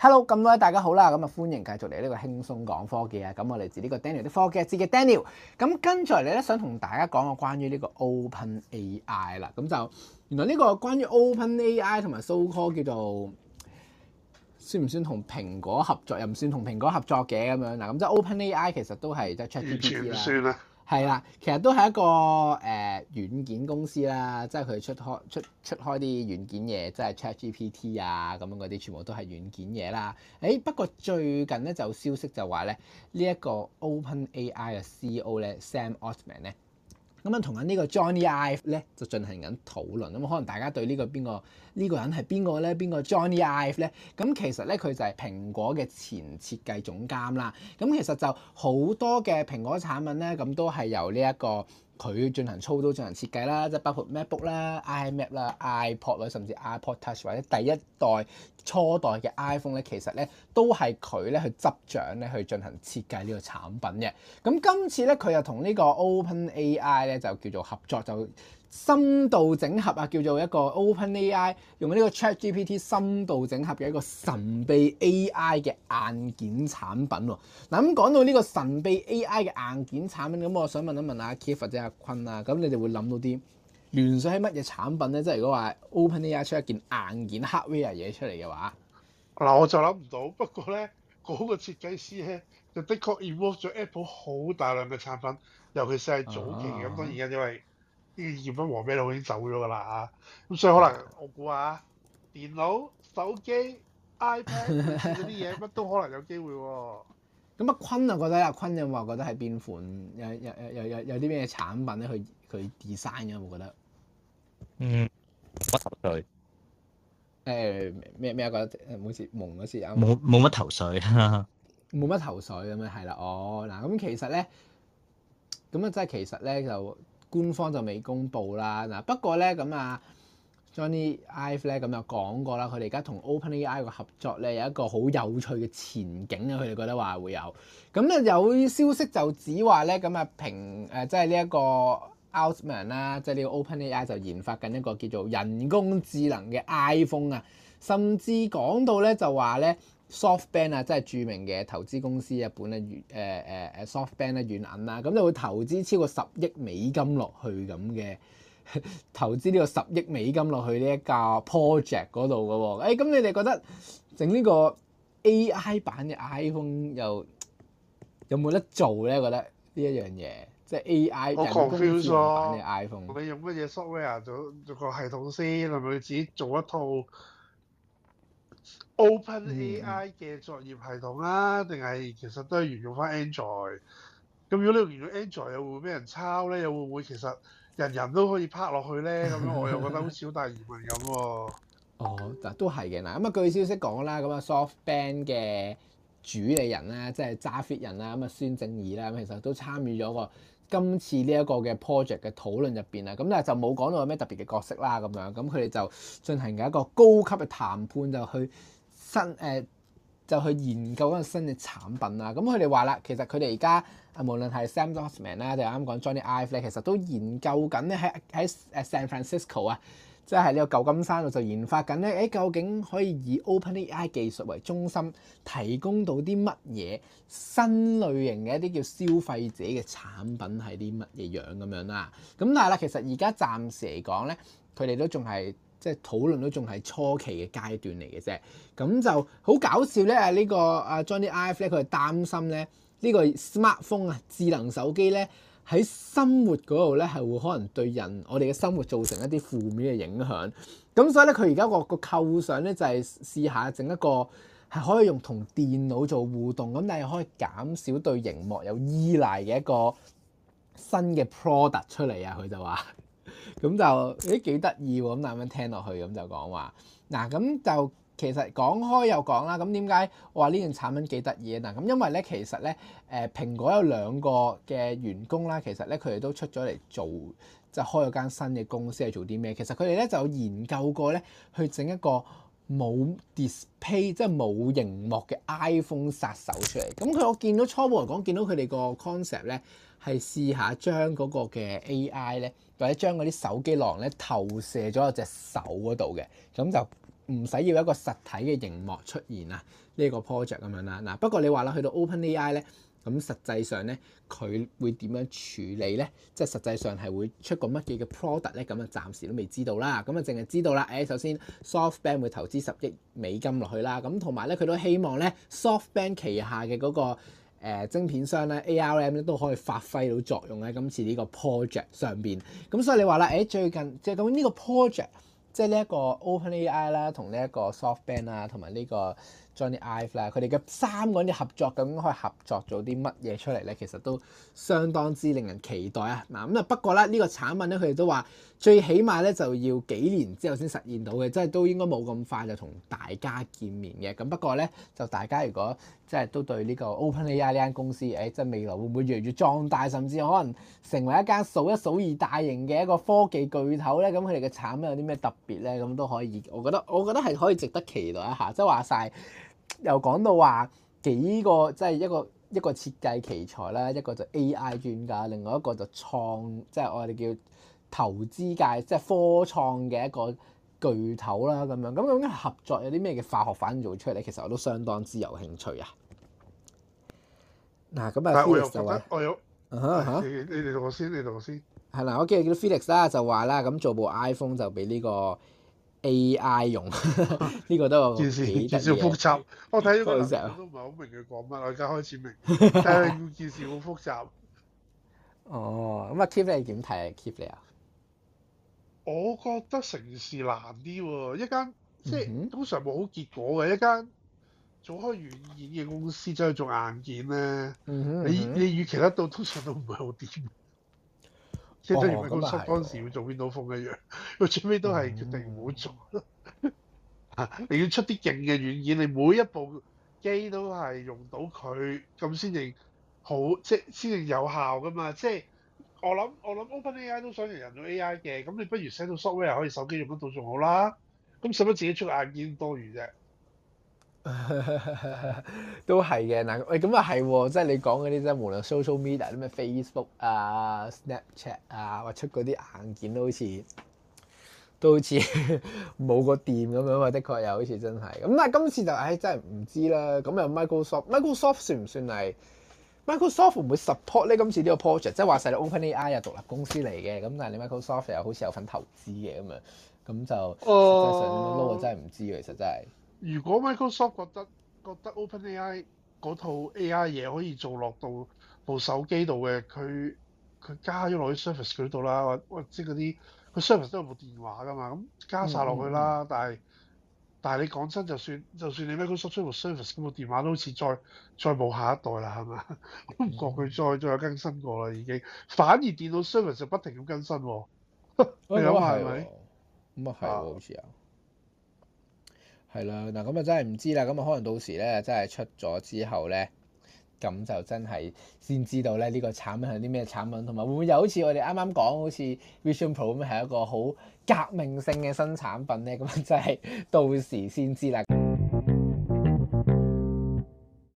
hello，咁多位大家好啦，咁啊歡迎繼續嚟呢個輕鬆講科技啊，咁我嚟自呢個 Daniel 啲科技節嘅 Daniel，咁跟住嚟咧想同大家講個關於呢個 Open AI 啦，咁就原來呢個關於 Open AI 同埋 so-called 叫做算唔算同蘋果合作？又唔算同蘋果合作嘅咁樣嗱，咁即係 Open AI 其實都係即係 ChatGPT 啦。係啦，其實都係一個誒、呃、軟件公司啦，即係佢出開出出開啲軟件嘢，即係 ChatGPT 啊，咁樣嗰啲，全部都係軟件嘢啦。誒、哎、不過最近咧就消息就話咧，這個、呢一個 OpenAI 嘅 CEO 咧 Sam Altman 咧。咁樣同緊呢個 Jony Ive 咧，就進行緊討論。咁、嗯、可能大家對呢、呢個邊個呢、呢個人係邊個咧？邊個 Jony Ive 咧？咁其實咧，佢就係蘋果嘅前設計總監啦。咁、嗯、其實就好多嘅蘋果產品咧，咁、嗯、都係由呢、呢、一個。佢進行操刀、進行設計啦，即係包括 MacBook 啦、iMac 啦、iPod 或者甚至 iPod Touch 或者第一代初代嘅 iPhone 咧，其實咧都係佢咧去執掌咧去進行設計呢個產品嘅。咁今次咧，佢又同呢個 OpenAI 咧就叫做合作就。深度整合啊，叫做一個 Open AI 用呢個 Chat GPT 深度整合嘅一個神秘 AI 嘅硬件產品嗱、啊、咁、嗯、講到呢個神秘 AI 嘅硬件產品，咁、嗯、我想問一問阿 Kevin 或者阿坤啊，咁、嗯、你哋會諗到啲聯想喺乜嘢產品咧？即係如果話 Open AI 出一件硬件 hardware 嘢出嚟嘅話，嗱，我就諗唔到。不過咧，嗰、那個設計師咧就的確 involve 咗 Apple 好大量嘅產品，尤其是係早期咁，當、啊、然因為。呢個葉問黃飛鴻已經走咗㗎啦啊！咁所以可能我估下電腦、手機、iPad 嗰啲嘢乜都可能有機會喎。咁阿 坤啊覺得阿坤有冇話覺得係邊款有有有有有啲咩產品咧？佢佢 design 嘅，我覺得。嗯，冇乜頭緒。誒咩咩啊？覺得好似冇事，夢嗰時啊。冇冇乜頭緒。冇 乜頭緒咁樣係啦。哦嗱，咁其實咧，咁啊真係其實咧就。官方就未公布啦，嗱不過咧咁啊，Jony Ive 咧咁有講過啦，佢哋而家同 OpenAI 個合作咧有一個好有趣嘅前景啊，佢哋覺得話會有。咁咧有消息就指話咧咁啊，平誒即係呢一個 Altman 啦，即係呢個,個 OpenAI 就研發緊一個叫做人工智能嘅 iPhone 啊，甚至講到咧就話咧。SoftBank 啊，即係著名嘅投資公司，日本、呃、啊軟、呃、誒誒誒 SoftBank 咧軟銀啦，咁你會投資超過十億美金落去咁嘅 投資呢個十億美金落去呢一架 project 嗰度嘅喎。誒、哎，咁你哋覺得整呢個 AI 版嘅 iPhone 又又有冇得做咧？覺得呢一樣嘢即係 AI 人工智慧版嘅 iPhone，你用乜嘢 software 做做個系統先系統？係咪自己做一套？Open AI 嘅作業系統啊，定係、嗯、其實都係沿用翻 Android。咁如果你沿用 Android 又會俾人抄咧，又會唔會其實人人都可以拍落去咧？咁樣我又覺得好似好大疑問咁、啊、喎。 哦，嗱都係嘅嗱。咁、嗯、啊據消息講啦，咁、嗯、啊 SoftBank 嘅主理人咧，即係揸 fit 人啦，咁、嗯、啊孫正義啦，咁、嗯、其實都參與咗個今次呢一個嘅 project 嘅討論入邊啊，咁但係就冇講到有咩特別嘅角色啦，咁樣咁佢哋就進行緊一個高級嘅談判，就去新誒、呃、就去研究嗰個新嘅產品啊。咁佢哋話啦，其實佢哋而家無論係 Sam Altman 啦，就啱講 Jony Ive 咧，其實都研究緊咧喺喺誒 San Francisco 啊，即係呢個舊金山就研發緊咧，誒究竟可以以 OpenAI 技術為中心提供到啲乜嘢新類型嘅一啲叫消費者嘅產品係啲乜嘢樣咁樣啦？咁但係啦，其實而家暫時嚟講咧，佢哋都仲係即係討論都仲係初期嘅階段嚟嘅啫。咁就好搞笑咧，呢個啊 Jony Ive 咧，佢係擔心咧呢個 smartphone 啊，智能手機咧。喺生活嗰度咧，係會可能對人我哋嘅生活造成一啲負面嘅影響。咁所以咧，佢而家個個構想咧就係試下整一個係可以用同電腦做互動，咁但係可以減少對熒幕有依賴嘅一個新嘅 product 出嚟啊！佢就話，咁 就誒幾得意喎！咁咁樣聽落去咁就講話，嗱咁就。其實講開又講啦，咁點解我話呢件產品幾得意啊？嗱，咁因為咧，其實咧，誒蘋果有兩個嘅員工啦，其實咧佢哋都出咗嚟做，就係、開咗間新嘅公司，係做啲咩？其實佢哋咧就研究過咧，去整一個冇 display 即係冇螢幕嘅 iPhone 殺手出嚟。咁佢我見到初步嚟講，見到佢哋個 concept 咧係試下將嗰個嘅 AI 咧，或者將嗰啲手機囊咧投射咗喺隻手嗰度嘅，咁就。唔使要一個實體嘅熒幕出現啊，呢個 project 咁樣啦。嗱，不過你話啦，去到 OpenAI 咧，咁實際上咧，佢會點樣處理咧？即係實際上係會出個乜嘢嘅 product 咧？咁啊，暫時都未知道啦。咁啊，淨係知道啦。誒，首先 SoftBank 會投資十億美金落去啦。咁同埋咧，佢都希望咧，SoftBank 旗下嘅嗰個晶片商咧，ARM 咧都可以發揮到作用喺今次呢個 project 上邊。咁所以你話啦，誒，最近即係講呢個 project。即係呢一個 OpenAI 啦，同呢一個 SoftBank 啦、啊，同埋呢個。Jony Ive 啦，佢哋嘅三個人合作究竟可以合作做啲乜嘢出嚟咧？其實都相當之令人期待啊！嗱，咁啊不過咧，呢、這個產品咧，佢哋都話最起碼咧就要幾年之後先實現到嘅，即係都應該冇咁快就同大家見面嘅。咁不過咧，就大家如果即係都對呢個 OpenAI 呢間公司，誒、哎、即係未來會唔會越嚟越壯大，甚至可能成為一間數一數二大型嘅一個科技巨頭咧？咁佢哋嘅產品有啲咩特別咧？咁都可以，我覺得我覺得係可以值得期待一下，即係話晒。又講到話幾個，即係一個一個設計奇才啦，一個就 AI 專家，另外一個就創，即係我哋叫投資界，即係科創嘅一個巨頭啦咁樣。咁咁合作有啲咩嘅化學反應做出嚟？其實我都相當之有興趣啊！嗱，咁啊 Felix 就話，你哋同我先，你同我先。係啦先，我記得叫到 Felix 啦，就話啦，咁做部 iPhone 就俾呢個。A.I. 用呢 個都好得意嘅，件事件事複雜。啊、複雜，我睇啲文都唔係好明佢講乜，我而家開始明。但係件事好複雜。 哦，咁啊，Keep 你點睇啊？Keep 你啊？我覺得成事難啲喎，一間即係通常冇好結果嘅一間做開軟件嘅公司，走去做硬件咧，你你預期得到通常都唔係好掂。即係等於咪好似當時要做 Window 風一樣，嗯，佢最尾都係決定唔好做。你要出啲勁嘅軟件，你每一部機都係用到佢咁先至好，即係先至有效噶嘛。即係我諗我諗 Open AI 都想人人用 AI 嘅，咁你不如寫到 software 可以手機用得到仲好啦。咁使使自己出硬件多餘啫？ 都係嘅，嗱，喂、哎，咁啊係，即係你講嗰啲，即係無論 social media 咩 Facebook 啊、Snapchat 啊，或者出嗰啲硬件都好似，都好似冇個店咁樣啊，的確又好似真係。咁但係今次就，唉、哎，真係唔知啦。咁又 Mic Microsoft，Microsoft 算唔算係 Microsoft 唔會 support 咧？今次呢個 project，即係話晒 OpenAI 啊，獨立公司嚟嘅，咁但係你 Microsoft 又好似有份投資嘅，咁啊，咁就，實際上，撈我真係唔知，其實真係。Uh 如果 Microsoft 覺得覺得 OpenAI 嗰套 AI 嘢可以做落到部手機度嘅，佢佢加咗落去 Surface 嗰度啦，或，或即係嗰啲佢 Surface 都有部電話㗎嘛，咁加晒落去啦、嗯。但係但係你講真就，就算就算你 Microsoft 出部 Surface 部電話都好似再再冇下一代啦，係嘛？都唔覺佢再再有更新過啦，已經。反而電腦 Surface 就不停咁更新喎。你諗下係咪？咁啊係，咁啊係好似啊～啊係啦，嗱咁啊真係唔知啦。咁啊可能到時咧真係出咗之後咧，咁就真係先知道咧呢個產品係啲咩產品，同埋會唔會又好似我哋啱啱講，好似 Vision Pro 咁係一個好革命性嘅新產品咧，咁啊真係到時先知啦。